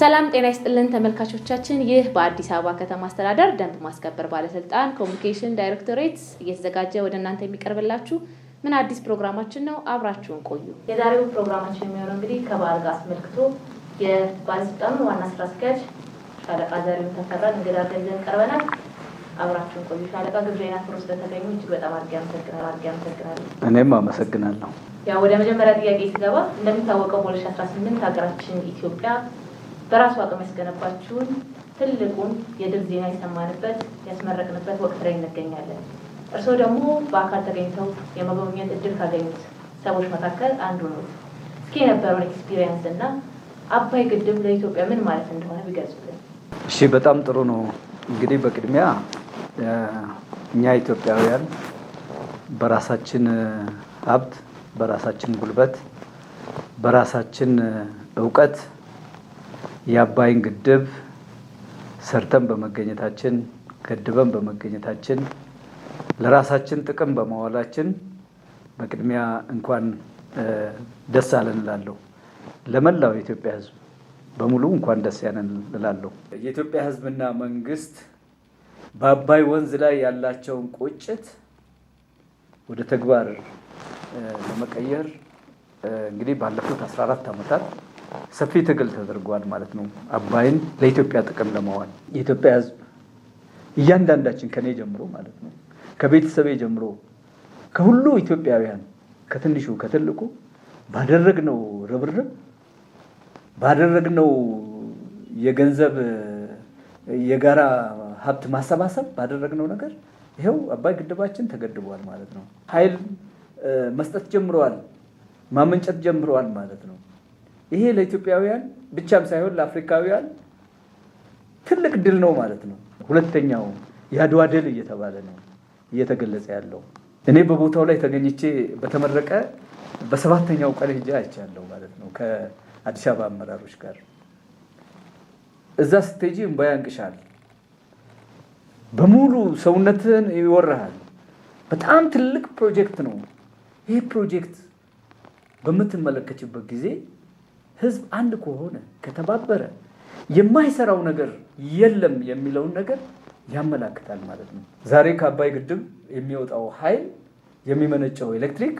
ሰላም ጤና ይስጥልን ተመልካቾቻችን። ይህ በአዲስ አበባ ከተማ አስተዳደር ደንብ ማስከበር ባለስልጣን ኮሚኒኬሽን ዳይሬክቶሬት እየተዘጋጀ ወደ እናንተ የሚቀርብላችሁ ምን አዲስ ፕሮግራማችን ነው። አብራችሁን ቆዩ። የዛሬው ፕሮግራማችን የሚሆነው እንግዲህ ከበዓል ጋር አስመልክቶ የባለስልጣኑ ዋና ስራ አስኪያጅ ሻለቃ ዘሪሁን ተፈራን እንግዳ ገንዘብ ቀርበናል። አብራችሁን ቆዩ። ሻለቃ ግብዣና ፍሮ ስለተገኙ እጅግ በጣም አድርጌ አመሰግናለሁ። እኔም አመሰግናለሁ። ያው ወደ መጀመሪያ ጥያቄ ስገባ እንደሚታወቀው በ2018 ሀገራችን ኢትዮጵያ በራሱ አቅም ያስገነባችውን ትልቁን የድል ዜና የሰማንበት ያስመረቅንበት ወቅት ላይ እንገኛለን። እርስዎ ደግሞ በአካል ተገኝተው የመጎብኘት እድል ካገኙት ሰዎች መካከል አንዱ ነው። እስኪ የነበረውን ኤክስፒሪየንስ እና አባይ ግድብ ለኢትዮጵያ ምን ማለት እንደሆነ ቢገልጹልን። እሺ፣ በጣም ጥሩ ነው። እንግዲህ በቅድሚያ እኛ ኢትዮጵያውያን በራሳችን ሀብት፣ በራሳችን ጉልበት፣ በራሳችን እውቀት የአባይን ግድብ ሰርተን በመገኘታችን ገድበን በመገኘታችን ለራሳችን ጥቅም በማዋላችን በቅድሚያ እንኳን ደስ አለን እላለሁ። ለመላው የኢትዮጵያ ሕዝብ በሙሉ እንኳን ደስ ያለን እላለሁ። የኢትዮጵያ ሕዝብና መንግስት በአባይ ወንዝ ላይ ያላቸውን ቁጭት ወደ ተግባር ለመቀየር እንግዲህ ባለፉት 14 ዓመታት ሰፊ ትግል ተደርጓል ማለት ነው። አባይን ለኢትዮጵያ ጥቅም ለማዋል የኢትዮጵያ ሕዝብ እያንዳንዳችን ከኔ ጀምሮ ማለት ነው ከቤተሰቤ ጀምሮ ከሁሉ ኢትዮጵያውያን ከትንሹ ከትልቁ ባደረግነው ርብርብ ባደረግነው የገንዘብ የጋራ ሀብት ማሰባሰብ ባደረግነው ነገር ይኸው አባይ ግድባችን ተገድቧል ማለት ነው። ኃይል መስጠት ጀምረዋል፣ ማመንጨት ጀምረዋል ማለት ነው። ይሄ ለኢትዮጵያውያን ብቻም ሳይሆን ለአፍሪካውያን ትልቅ ድል ነው ማለት ነው። ሁለተኛው የአድዋ ድል እየተባለ ነው እየተገለጸ ያለው። እኔ በቦታው ላይ ተገኝቼ በተመረቀ በሰባተኛው ቀን ሄጄ አይቻለሁ ማለት ነው ከአዲስ አበባ አመራሮች ጋር። እዛ ስትሄጂ እምባ ያንቅሻል። በሙሉ ሰውነትን ይወርሃል። በጣም ትልቅ ፕሮጀክት ነው ይህ ፕሮጀክት በምትመለከችበት ጊዜ ህዝብ አንድ ከሆነ ከተባበረ የማይሰራው ነገር የለም የሚለውን ነገር ያመላክታል ማለት ነው። ዛሬ ከአባይ ግድብ የሚወጣው ኃይል የሚመነጨው ኤሌክትሪክ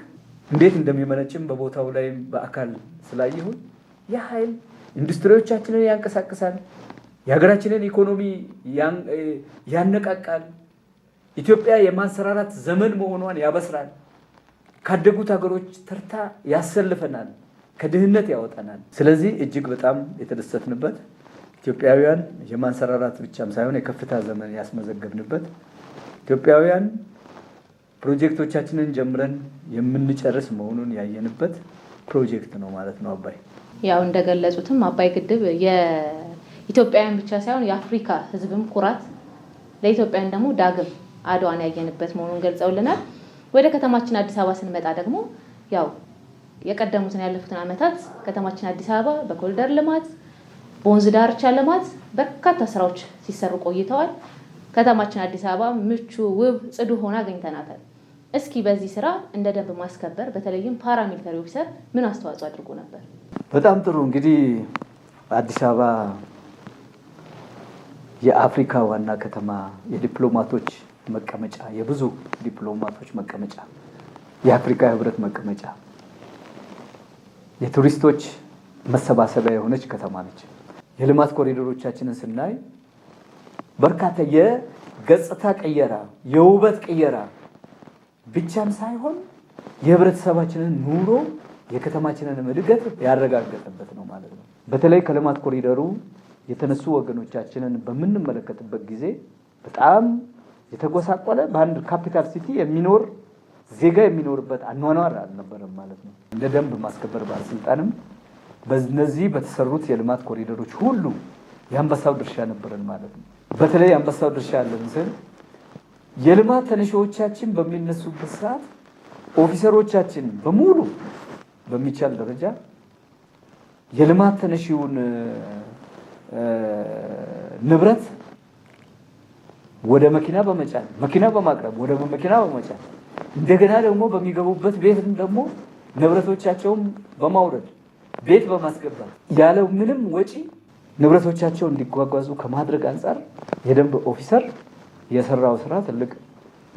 እንዴት እንደሚመነጭም በቦታው ላይ በአካል ስላየሁን ያ ኃይል ኢንዱስትሪዎቻችንን ያንቀሳቅሳል፣ የሀገራችንን ኢኮኖሚ ያነቃቃል፣ ኢትዮጵያ የማንሰራራት ዘመን መሆኗን ያበስራል፣ ካደጉት ሀገሮች ተርታ ያሰልፈናል። ከድህነት ያወጣናል። ስለዚህ እጅግ በጣም የተደሰትንበት ኢትዮጵያውያን የማንሰራራት ብቻም ሳይሆን የከፍታ ዘመን ያስመዘገብንበት ኢትዮጵያውያን ፕሮጀክቶቻችንን ጀምረን የምንጨርስ መሆኑን ያየንበት ፕሮጀክት ነው ማለት ነው። አባይ ያው እንደገለጹትም አባይ ግድብ የኢትዮጵያውያን ብቻ ሳይሆን የአፍሪካ ሕዝብም ኩራት ለኢትዮጵያውያን ደግሞ ዳግም አድዋን ያየንበት መሆኑን ገልጸውልናል። ወደ ከተማችን አዲስ አበባ ስንመጣ ደግሞ ያው የቀደሙትን ያለፉትን ዓመታት ከተማችን አዲስ አበባ በኮሪደር ልማት፣ በወንዝ ዳርቻ ልማት በርካታ ስራዎች ሲሰሩ ቆይተዋል። ከተማችን አዲስ አበባ ምቹ፣ ውብ፣ ጽዱ ሆና አገኝተናታል። እስኪ በዚህ ስራ እንደ ደንብ ማስከበር በተለይም ፓራሚሊተሪ ኦፊሰር ምን አስተዋጽኦ አድርጎ ነበር? በጣም ጥሩ እንግዲህ አዲስ አበባ የአፍሪካ ዋና ከተማ፣ የዲፕሎማቶች መቀመጫ፣ የብዙ ዲፕሎማቶች መቀመጫ፣ የአፍሪካ ህብረት መቀመጫ የቱሪስቶች መሰባሰቢያ የሆነች ከተማ ነች። የልማት ኮሪደሮቻችንን ስናይ በርካታ የገጽታ ቅየራ፣ የውበት ቅየራ ብቻም ሳይሆን የህብረተሰባችንን ኑሮ የከተማችንን እድገት ያረጋገጠበት ነው ማለት ነው። በተለይ ከልማት ኮሪደሩ የተነሱ ወገኖቻችንን በምንመለከትበት ጊዜ በጣም የተጎሳቆለ በአንድ ካፒታል ሲቲ የሚኖር ዜጋ የሚኖርበት አኗኗር አልነበረም ማለት ነው። እንደ ደንብ ማስከበር ባለስልጣንም በነዚህ በተሰሩት የልማት ኮሪደሮች ሁሉ የአንበሳው ድርሻ ነበረን ማለት ነው። በተለይ የአንበሳው ድርሻ ያለን ስል የልማት ተነሺዎቻችን በሚነሱበት ሰዓት ኦፊሰሮቻችን በሙሉ በሚቻል ደረጃ የልማት ተነሺውን ንብረት ወደ መኪና በመጫን መኪና በማቅረብ ወደ መኪና በመጫን እንደገና ደግሞ በሚገቡበት ቤትም ደግሞ ንብረቶቻቸውን በማውረድ ቤት በማስገባት ያለ ምንም ወጪ ንብረቶቻቸው እንዲጓጓዙ ከማድረግ አንጻር የደንብ ኦፊሰር የሰራው ስራ ትልቅ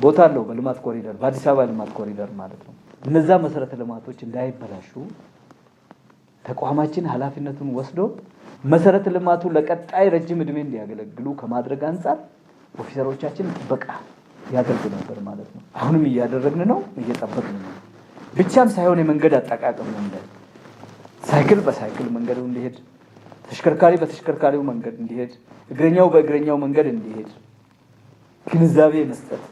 ቦታ አለው። በልማት ኮሪደር በአዲስ አበባ ልማት ኮሪደር ማለት ነው። እነዛ መሰረተ ልማቶች እንዳይበላሹ ተቋማችን ኃላፊነቱን ወስዶ መሰረተ ልማቱ ለቀጣይ ረጅም እድሜ እንዲያገለግሉ ከማድረግ አንጻር ኦፊሰሮቻችን በቃ ያደርጉ ነበር ማለት ነው። አሁንም እያደረግን ነው፣ እየጠበቅን ነው። ብቻም ሳይሆን የመንገድ አጠቃቀም ነው እንደ ሳይክል በሳይክል መንገዱ እንዲሄድ፣ ተሽከርካሪ በተሽከርካሪው መንገድ እንዲሄድ፣ እግረኛው በእግረኛው መንገድ እንዲሄድ ግንዛቤ መስጠት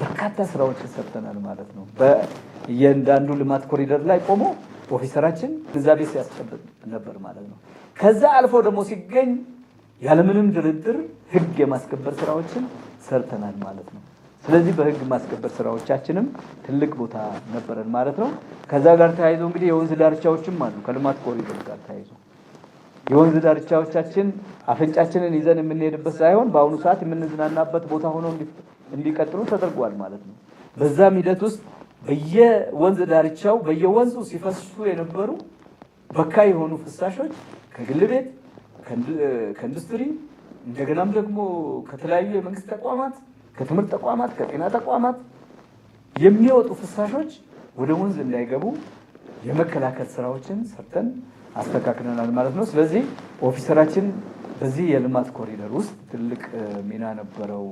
በርካታ ስራዎች ተሰርተናል ማለት ነው። በእያንዳንዱ ልማት ኮሪደር ላይ ቆሞ ኦፊሰራችን ግንዛቤ ሲያስጨብጥ ነበር ማለት ነው። ከዛ አልፎ ደግሞ ሲገኝ ያለምንም ድርድር ህግ የማስከበር ስራዎችን ሰርተናል ማለት ነው። ስለዚህ በህግ ማስከበር ስራዎቻችንም ትልቅ ቦታ ነበረን ማለት ነው። ከዛ ጋር ተያይዞ እንግዲህ የወንዝ ዳርቻዎችም አሉ። ከልማት ኮሪደር ጋር ተያይዞ የወንዝ ዳርቻዎቻችን አፍንጫችንን ይዘን የምንሄድበት ሳይሆን በአሁኑ ሰዓት የምንዝናናበት ቦታ ሆኖ እንዲቀጥሉ ተደርጓል ማለት ነው። በዛም ሂደት ውስጥ በየወንዝ ዳርቻው በየወንዙ ሲፈሱ የነበሩ በካይ የሆኑ ፍሳሾች ከግል ቤት ከኢንዱስትሪ እንደገናም ደግሞ ከተለያዩ የመንግስት ተቋማት፣ ከትምህርት ተቋማት፣ ከጤና ተቋማት የሚወጡ ፍሳሾች ወደ ወንዝ እንዳይገቡ የመከላከል ስራዎችን ሰርተን አስተካክለናል ማለት ነው። ስለዚህ ኦፊሰራችን በዚህ የልማት ኮሪደር ውስጥ ትልቅ ሚና ነበረው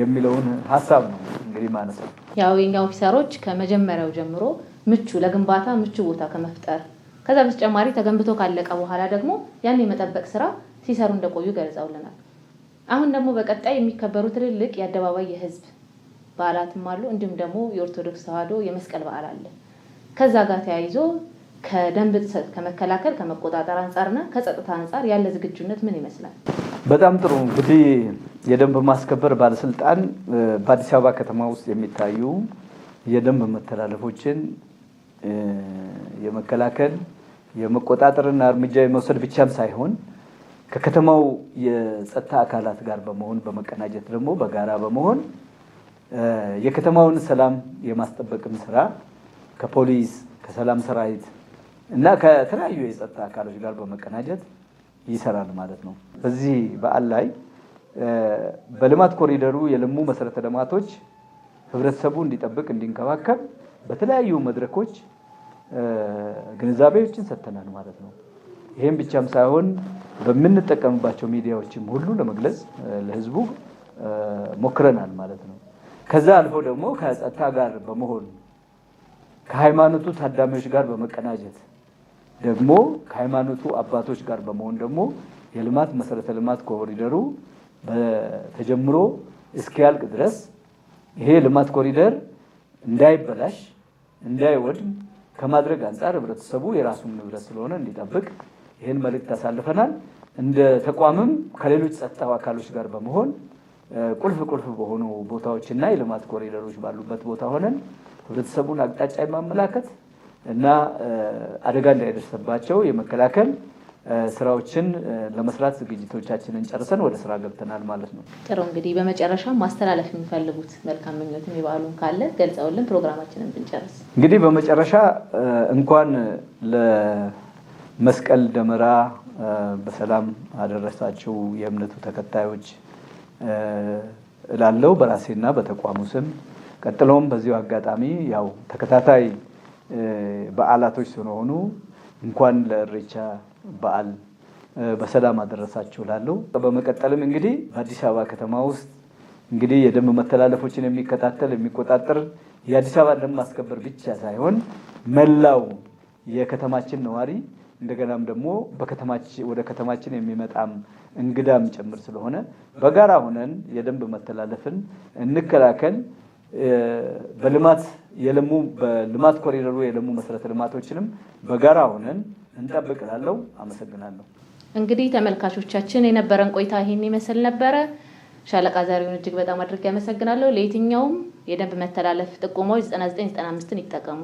የሚለውን ሀሳብ ነው እንግዲህ ማለት ያው የኛ ኦፊሰሮች ከመጀመሪያው ጀምሮ ምቹ ለግንባታ ምቹ ቦታ ከመፍጠር ከዛ በተጨማሪ ተገንብቶ ካለቀ በኋላ ደግሞ ያን የመጠበቅ ስራ ሲሰሩ እንደቆዩ ገልጸውልናል። አሁን ደግሞ በቀጣይ የሚከበሩ ትልልቅ የአደባባይ የህዝብ በዓላትም አሉ። እንዲሁም ደግሞ የኦርቶዶክስ ተዋሕዶ የመስቀል በዓል አለ። ከዛ ጋር ተያይዞ ከደንብ ጥሰት ከመከላከል ከመቆጣጠር አንጻርና ከጸጥታ አንጻር ያለ ዝግጁነት ምን ይመስላል? በጣም ጥሩ እንግዲህ የደንብ ማስከበር ባለስልጣን በአዲስ አበባ ከተማ ውስጥ የሚታዩ የደንብ መተላለፎችን የመከላከል የመቆጣጠርና እርምጃ የመውሰድ ብቻም ሳይሆን ከከተማው የጸጥታ አካላት ጋር በመሆን በመቀናጀት ደግሞ በጋራ በመሆን የከተማውን ሰላም የማስጠበቅም ስራ ከፖሊስ፣ ከሰላም ሰራዊት እና ከተለያዩ የጸጥታ አካሎች ጋር በመቀናጀት ይሰራል ማለት ነው። በዚህ በዓል ላይ በልማት ኮሪደሩ የለሙ መሰረተ ልማቶች ህብረተሰቡ እንዲጠብቅ እንዲንከባከብ በተለያዩ መድረኮች ግንዛቤዎችን ሰጥተናል ማለት ነው። ይሄን ብቻም ሳይሆን በምንጠቀምባቸው ሚዲያዎችም ሁሉ ለመግለጽ ለህዝቡ ሞክረናል ማለት ነው። ከዛ አልፎ ደግሞ ከጸጥታ ጋር በመሆን ከሃይማኖቱ ታዳሚዎች ጋር በመቀናጀት ደግሞ ከሃይማኖቱ አባቶች ጋር በመሆን ደግሞ የልማት መሰረተ ልማት ኮሪደሩ ተጀምሮ እስኪያልቅ ድረስ ይሄ ልማት ኮሪደር እንዳይበላሽ እንዳይወድም ከማድረግ አንጻር ህብረተሰቡ የራሱን ንብረት ስለሆነ እንዲጠብቅ ይህን መልእክት አሳልፈናል። እንደ ተቋምም ከሌሎች ጸጥታ አካሎች ጋር በመሆን ቁልፍ ቁልፍ በሆኑ ቦታዎችና የልማት ኮሪደሮች ባሉበት ቦታ ሆነን ህብረተሰቡን አቅጣጫ የማመላከት እና አደጋ እንዳይደርስባቸው የመከላከል ስራዎችን ለመስራት ዝግጅቶቻችንን ጨርሰን ወደ ስራ ገብተናል ማለት ነው። ጥሩ እንግዲህ በመጨረሻ ማስተላለፍ የሚፈልጉት መልካም ምኞትም የበዓሉን ካለ ገልጸውልን ፕሮግራማችንን ብንጨርስ እንግዲህ በመጨረሻ እንኳን መስቀል ደመራ በሰላም አደረሳችሁ የእምነቱ ተከታዮች እላለው በራሴና በተቋሙ ስም። ቀጥሎም በዚሁ አጋጣሚ ያው ተከታታይ በዓላቶች ስለሆኑ እንኳን ለእሬቻ በዓል በሰላም አደረሳችሁ እላለሁ። በመቀጠልም እንግዲህ በአዲስ አበባ ከተማ ውስጥ እንግዲህ የደንብ መተላለፎችን የሚከታተል የሚቆጣጠር የአዲስ አበባ ደንብ ማስከበር ብቻ ሳይሆን መላው የከተማችን ነዋሪ እንደገናም ደግሞ ወደ ከተማችን የሚመጣም እንግዳም ጭምር ስለሆነ በጋራ ሆነን የደንብ መተላለፍን እንከላከል። በልማት የለሙ በልማት ኮሪደሩ የለሙ መሰረተ ልማቶችንም በጋራ ሆነን እንጠብቅላለው። አመሰግናለሁ። እንግዲህ ተመልካቾቻችን የነበረን ቆይታ ይህን ይመስል ነበረ። ሻለቃ ዛሬውን እጅግ በጣም አድርጌ አመሰግናለሁ። ለየትኛውም የደንብ መተላለፍ ጥቁሞች 9995ን ይጠቀሙ።